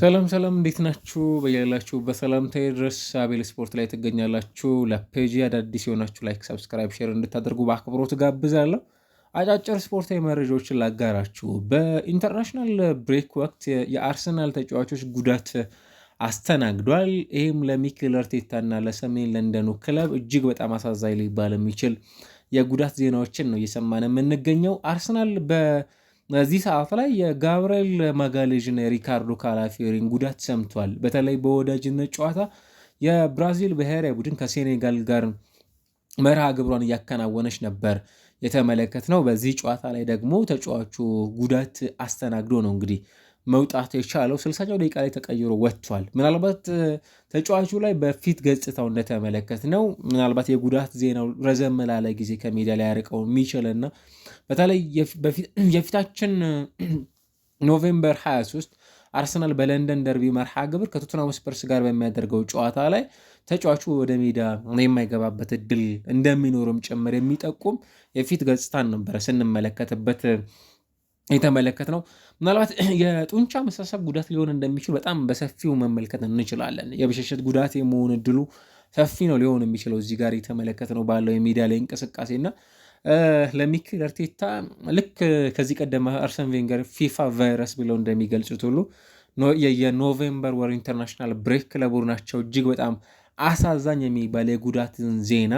ሰላም ሰላም፣ እንዴት ናችሁ? በያላችሁ በሰላምታ ድረስ አቤል ስፖርት ላይ ትገኛላችሁ። ለፔጂ አዳዲስ የሆናችሁ ላይክ፣ ሰብስክራይብ፣ ሼር እንድታደርጉ በአክብሮት ጋብዛለሁ። አጫጭር ስፖርታዊ መረጃዎችን ላጋራችሁ። በኢንተርናሽናል ብሬክ ወቅት የአርሰናል ተጫዋቾች ጉዳት አስተናግዷል። ይህም ለሚኬል አርቴታና ለሰሜን ለንደኑ ክለብ እጅግ በጣም አሳዛኝ ሊባል የሚችል የጉዳት ዜናዎችን ነው እየሰማን የምንገኘው አርሰናል በ እዚህ ሰዓት ላይ የጋብርኤል ማጋሌዥና የሪካርዶ ካላፊዮሪን ጉዳት ሰምቷል። በተለይ በወዳጅነት ጨዋታ የብራዚል ብሔራዊ ቡድን ከሴኔጋል ጋር መርሃ ግብሯን እያከናወነች ነበር የተመለከት ነው። በዚህ ጨዋታ ላይ ደግሞ ተጫዋቹ ጉዳት አስተናግዶ ነው እንግዲህ መውጣት የቻለው ስልሳኛው ደቂቃ ላይ ተቀይሮ ወጥቷል። ምናልባት ተጫዋቹ ላይ በፊት ገጽታው እንደተመለከት ነው ምናልባት የጉዳት ዜናው ረዘም ላለ ጊዜ ከሜዳ ላይ ያርቀው የሚችልና በተለይ የፊታችን ኖቬምበር 23 አርሰናል በለንደን ደርቢ መርሃ ግብር ከቶትናም ስፐርስ ጋር በሚያደርገው ጨዋታ ላይ ተጫዋቹ ወደ ሜዳ የማይገባበት እድል እንደሚኖርም ጭምር የሚጠቁም የፊት ገጽታን ነበረ ስንመለከትበት የተመለከት ነው። ምናልባት የጡንቻ መሳሳብ ጉዳት ሊሆን እንደሚችል በጣም በሰፊው መመልከት እንችላለን። የብሸሸት ጉዳት የመሆን እድሉ ሰፊ ነው ሊሆን የሚችለው እዚህ ጋር የተመለከት ነው ባለው የሜዳ ላይ እንቅስቃሴና ለሚኬል አርቴታ ልክ ከዚህ ቀደም አርሰን ቬንገር ፊፋ ቫይረስ ብለው እንደሚገልጹት ሁሉ የኖቬምበር ወር ኢንተርናሽናል ብሬክ ለቡድናቸው እጅግ በጣም አሳዛኝ የሚባል የጉዳትን ዜና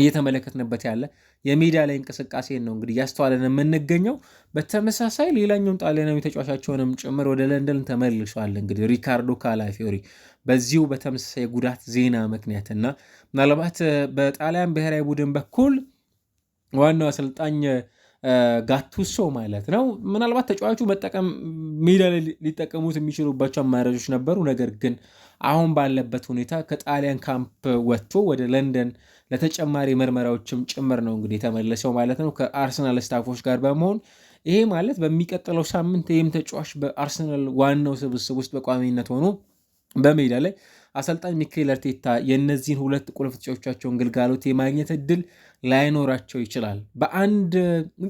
እየተመለከትንበት ያለ የሜዳ ላይ እንቅስቃሴ ነው እንግዲህ እያስተዋለን የምንገኘው። በተመሳሳይ ሌላኛውን ጣሊያናዊ ተጫዋቻቸውንም ጭምር ወደ ለንደን ተመልሷል። እንግዲህ ሪካርዶ ካላፊዮሪ በዚሁ በተመሳሳይ ጉዳት ዜና ምክንያትና ምናልባት በጣሊያን ብሔራዊ ቡድን በኩል ዋናው አሰልጣኝ ጋቱሶ ማለት ነው። ምናልባት ተጫዋቹ መጠቀም ሜዳ ላይ ሊጠቀሙት የሚችሉባቸው አማራጮች ነበሩ። ነገር ግን አሁን ባለበት ሁኔታ ከጣሊያን ካምፕ ወጥቶ ወደ ለንደን ለተጨማሪ ምርመራዎችም ጭምር ነው እንግዲህ የተመለሰው ማለት ነው ከአርሰናል ስታፎች ጋር በመሆን ይሄ ማለት በሚቀጥለው ሳምንት ይህም ተጫዋች በአርሰናል ዋናው ስብስብ ውስጥ በቋሚነት ሆኖ በሜዳ ላይ አሰልጣኝ ሚካኤል አርቴታ የእነዚህን ሁለት ቁልፍ ተጫዋቾቻቸውን ግልጋሎት የማግኘት እድል ላይኖራቸው ይችላል። በአንድ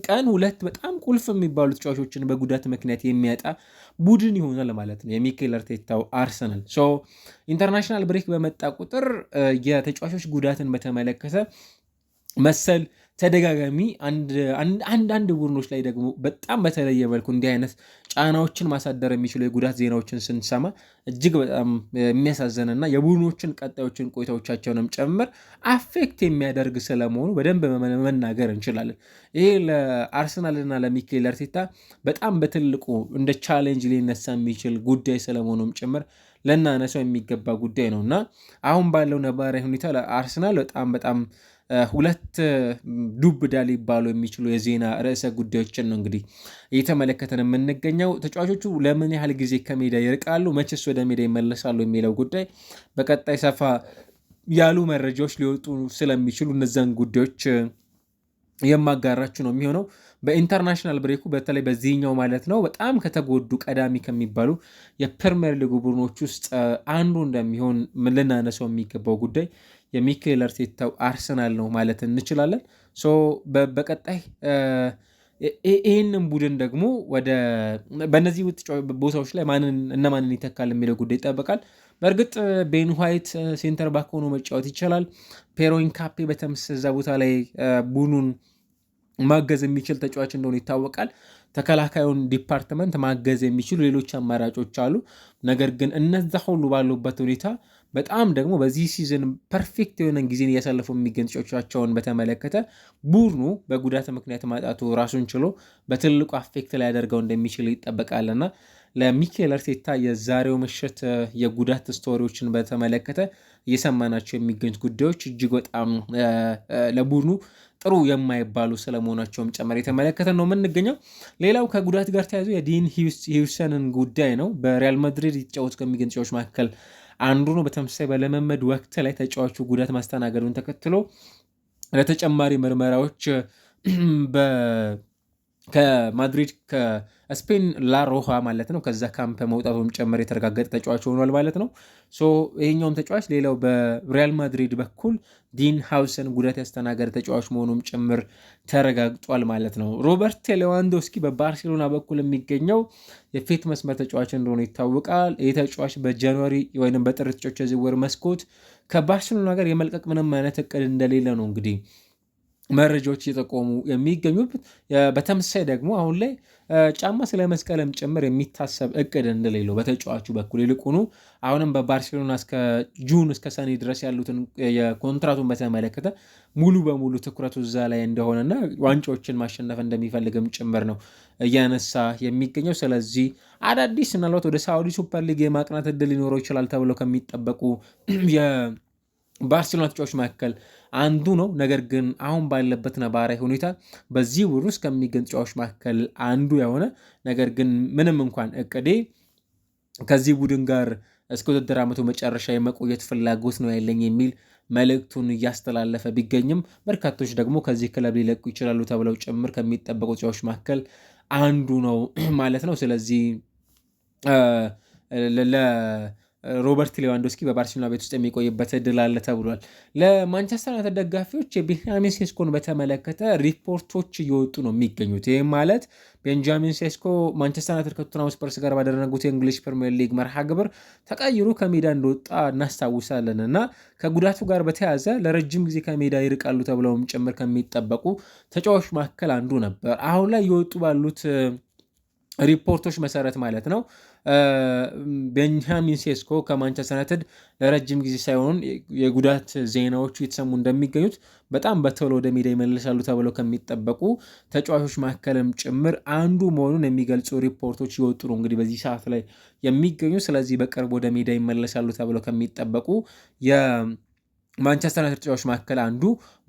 ቀን ሁለት በጣም ቁልፍ የሚባሉ ተጫዋቾችን በጉዳት ምክንያት የሚያጣ ቡድን ይሆናል ማለት ነው የሚካኤል አርቴታው አርሰናል። ሶ ኢንተርናሽናል ብሬክ በመጣ ቁጥር የተጫዋቾች ጉዳትን በተመለከተ መሰል ተደጋጋሚ አንዳንድ ቡድኖች ላይ ደግሞ በጣም በተለየ መልኩ እንዲህ አይነት ጫናዎችን ማሳደር የሚችሉ የጉዳት ዜናዎችን ስንሰማ እጅግ በጣም የሚያሳዘንና የቡድኖችን ቀጣዮችን ቆይታዎቻቸውንም ጭምር አፌክት የሚያደርግ ስለመሆኑ በደንብ መናገር እንችላለን። ይሄ ለአርሰናልና ለሚኬል አርቴታ በጣም በትልቁ እንደ ቻሌንጅ ሊነሳ የሚችል ጉዳይ ስለመሆኑም ጭምር ለናነሳው የሚገባ ጉዳይ ነው እና አሁን ባለው ነባራዊ ሁኔታ ለአርሰናል በጣም በጣም ሁለት ዱብ ዳ ሊባሉ የሚችሉ የዜና ርዕሰ ጉዳዮችን ነው እንግዲህ እየተመለከተን የምንገኘው። ተጫዋቾቹ ለምን ያህል ጊዜ ከሜዳ ይርቃሉ፣ መቼስ ወደ ሜዳ ይመለሳሉ የሚለው ጉዳይ በቀጣይ ሰፋ ያሉ መረጃዎች ሊወጡ ስለሚችሉ እነዚያን ጉዳዮች የማጋራችሁ ነው የሚሆነው። በኢንተርናሽናል ብሬኩ በተለይ በዚህኛው ማለት ነው በጣም ከተጎዱ ቀዳሚ ከሚባሉ የፕርሜር ሊግ ቡድኖች ውስጥ አንዱ እንደሚሆን ልናነሰው የሚገባው ጉዳይ የሚካኤል አርቴታው አርሰናል ነው ማለት እንችላለን። በቀጣይ ይህንን ቡድን ደግሞ ወደ በእነዚህ ቦታዎች ላይ ማንን እነማንን ይተካል የሚለው ጉዳይ ይጠበቃል። በእርግጥ ቤን ዋይት ሴንተር ባክ ሆኖ መጫወት ይቻላል። ፔሮን ካፔ በተመሰዛ ቦታ ላይ ቡኑን ማገዝ የሚችል ተጫዋች እንደሆነ ይታወቃል። ተከላካዩን ዲፓርትመንት ማገዝ የሚችሉ ሌሎች አማራጮች አሉ። ነገር ግን እነዛ ሁሉ ባሉበት ሁኔታ በጣም ደግሞ በዚህ ሲዝን ፐርፌክት የሆነ ጊዜን እያሳለፉ የሚገኝ ተጫዋቾቻቸውን በተመለከተ ቡድኑ በጉዳት ምክንያት ማጣቱ ራሱን ችሎ በትልቁ አፌክት ላይ ያደርገው እንደሚችል ይጠበቃልና ለሚኬል አርቴታ የዛሬው ምሽት የጉዳት ስቶሪዎችን በተመለከተ እየሰማናቸው የሚገኙት ጉዳዮች እጅግ በጣም ለቡድኑ ጥሩ የማይባሉ ስለመሆናቸውም ጨምር የተመለከተ ነው የምንገኘው። ሌላው ከጉዳት ጋር ተያይዞ የዲን ሂውሰንን ጉዳይ ነው። በሪያል ማድሪድ ይጫወት ከሚገኝ ተጫዋቾች መካከል አንዱ ነው። በተመሳሳይ በለመመድ ወቅት ላይ ተጫዋቹ ጉዳት ማስተናገዱን ተከትሎ ለተጨማሪ ምርመራዎች በ ከማድሪድ ከስፔን ላሮሃ ማለት ነው ከዛ ካምፕ መውጣቱም ጭምር የተረጋገጠ ተጫዋች ሆኗል ማለት ነው። ሶ ይሄኛውም ተጫዋች ሌላው በሪያል ማድሪድ በኩል ዲን ሃውሰን ጉዳት ያስተናገደ ተጫዋች መሆኑም ጭምር ተረጋግጧል ማለት ነው። ሮበርት ሌዋንዶስኪ በባርሴሎና በኩል የሚገኘው የፊት መስመር ተጫዋች እንደሆነ ይታወቃል። ይህ ተጫዋች በጃንዋሪ ወይም በጥር ተጫዋች የዝውውር መስኮት ከባርሴሎና ጋር የመልቀቅ ምንም አይነት እቅድ እንደሌለ ነው እንግዲህ መረጃዎች እየጠቆሙ የሚገኙበት በተመሳሳይ ደግሞ አሁን ላይ ጫማ ስለ መስቀለም ጭምር የሚታሰብ እቅድ እንደሌለው በተጫዋቹ በኩል ይልቁኑ አሁንም በባርሴሎና እስከ ጁን እስከ ሰኔ ድረስ ያሉትን የኮንትራቱን በተመለከተ ሙሉ በሙሉ ትኩረቱ እዛ ላይ እንደሆነና ዋንጫዎችን ማሸነፍ እንደሚፈልግም ጭምር ነው እያነሳ የሚገኘው። ስለዚህ አዳዲስ ምናልባት ወደ ሳዑዲ ሱፐር ሊግ የማቅናት እድል ሊኖረው ይችላል ተብለው ከሚጠበቁ ባርሴሎና ተጫዋቾች መካከል አንዱ ነው። ነገር ግን አሁን ባለበት ነባራዊ ሁኔታ በዚህ ቡድን ውስጥ ከሚገኝ ተጫዋቾች መካከል አንዱ የሆነ ነገር ግን ምንም እንኳን እቅዴ ከዚህ ቡድን ጋር እስከ ውድድር ዓመቱ መጨረሻ የመቆየት ፍላጎት ነው ያለኝ የሚል መልእክቱን እያስተላለፈ ቢገኝም በርካቶች ደግሞ ከዚህ ክለብ ሊለቁ ይችላሉ ተብለው ጭምር ከሚጠበቁ ተጫዋቾች መካከል አንዱ ነው ማለት ነው። ስለዚህ ሮበርት ሌዋንዶስኪ በባርሴሎና ቤት ውስጥ የሚቆይበት እድል አለ ተብሏል። ለማንቸስተር ዩናይትድ ደጋፊዎች የቤንጃሚን ሴስኮን በተመለከተ ሪፖርቶች እየወጡ ነው የሚገኙት። ይህም ማለት ቤንጃሚን ሴስኮ ማንቸስተር ዩናይትድ ከቶተንሃም ስፐርስ ጋር ባደረጉት የእንግሊሽ ፕሪምየር ሊግ መርሃ ግብር ተቀይሮ ከሜዳ እንደወጣ እናስታውሳለን እና ከጉዳቱ ጋር በተያያዘ ለረጅም ጊዜ ከሜዳ ይርቃሉ ተብለውም ጭምር ከሚጠበቁ ተጫዋቾች መካከል አንዱ ነበር። አሁን ላይ እየወጡ ባሉት ሪፖርቶች መሰረት ማለት ነው ቤንጃሚን ሴስኮ ከማንቸስተር ዩናይትድ ለረጅም ጊዜ ሳይሆን የጉዳት ዜናዎቹ የተሰሙ እንደሚገኙት በጣም በቶሎ ወደ ሜዳ ይመለሳሉ ተብለው ከሚጠበቁ ተጫዋቾች መካከልም ጭምር አንዱ መሆኑን የሚገልጹ ሪፖርቶች ይወጡ ነው እንግዲህ በዚህ ሰዓት ላይ የሚገኙ። ስለዚህ በቅርብ ወደ ሜዳ ይመለሳሉ ተብለው ከሚጠበቁ ማንቸስተር ዩናይትድ ተጫዋች መካከል አንዱ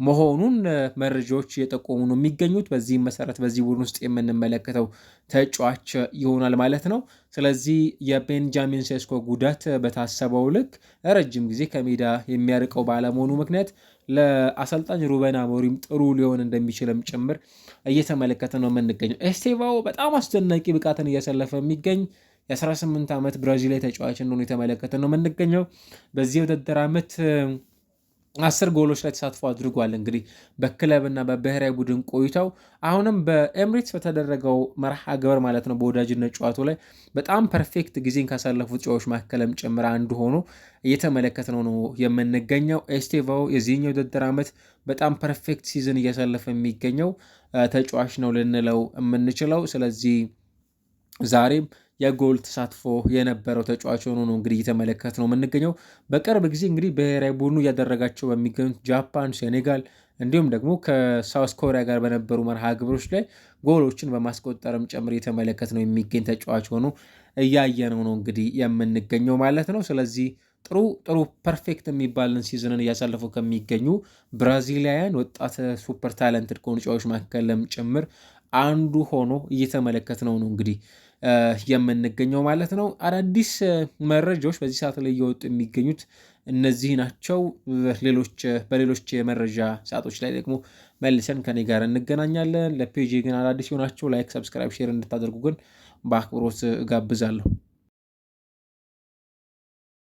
መሆኑን መረጃዎች እየጠቆሙ ነው የሚገኙት። በዚህም መሰረት በዚህ ቡድን ውስጥ የምንመለከተው ተጫዋች ይሆናል ማለት ነው። ስለዚህ የቤንጃሚን ሴስኮ ጉዳት በታሰበው ልክ ረጅም ጊዜ ከሜዳ የሚያርቀው ባለመሆኑ ምክንያት ለአሰልጣኝ ሩበን አሞሪም ጥሩ ሊሆን እንደሚችልም ጭምር እየተመለከተ ነው የምንገኘው። ኤስቴቫው በጣም አስደናቂ ብቃትን እያሳለፈ የሚገኝ የ18 ዓመት ብራዚላዊ ተጫዋች እንደሆኑ የተመለከተ ነው የምንገኘው በዚህ ውድድር ዓመት አስር ጎሎች ላይ ተሳትፎ አድርጓል። እንግዲህ በክለብና በብሔራዊ ቡድን ቆይተው አሁንም በኤምሬትስ በተደረገው መርሃ ግብር ማለት ነው በወዳጅነት ጨዋታው ላይ በጣም ፐርፌክት ጊዜን ካሳለፉት ጨዋቾች መካከልም ጭምር አንዱ ሆኖ እየተመለከትነው ነው የምንገኘው። ኤስቴቫው የዚህኛው ውድድር ዓመት በጣም ፐርፌክት ሲዝን እያሳለፈ የሚገኘው ተጫዋች ነው ልንለው የምንችለው። ስለዚህ ዛሬም የጎል ተሳትፎ የነበረው ተጫዋች ሆኖ ነው እንግዲህ እየተመለከት ነው የምንገኘው። በቅርብ ጊዜ እንግዲህ ብሔራዊ ቡድኑ እያደረጋቸው በሚገኙት ጃፓን፣ ሴኔጋል እንዲሁም ደግሞ ከሳውስ ኮሪያ ጋር በነበሩ መርሃ ግብሮች ላይ ጎሎችን በማስቆጠርም ጭምር የተመለከት ነው የሚገኝ ተጫዋች ሆኖ እያየነው ነው እንግዲህ የምንገኘው ማለት ነው። ስለዚህ ጥሩ ጥሩ ፐርፌክት የሚባልን ሲዝንን እያሳለፉ ከሚገኙ ብራዚሊያውያን ወጣት ሱፐር ታለንትድ ከሆኑ ጫዎች መካከልም ጭምር አንዱ ሆኖ እየተመለከት ነው ነው እንግዲህ የምንገኘው ማለት ነው። አዳዲስ መረጃዎች በዚህ ሰዓት ላይ እየወጡ የሚገኙት እነዚህ ናቸው። ሌሎች በሌሎች የመረጃ ሰዓቶች ላይ ደግሞ መልሰን ከኔ ጋር እንገናኛለን። ለፔጅ ግን አዳዲስ የሆናቸው ላይክ፣ ሰብስክራይብ፣ ሼር እንድታደርጉ ግን በአክብሮት እጋብዛለሁ።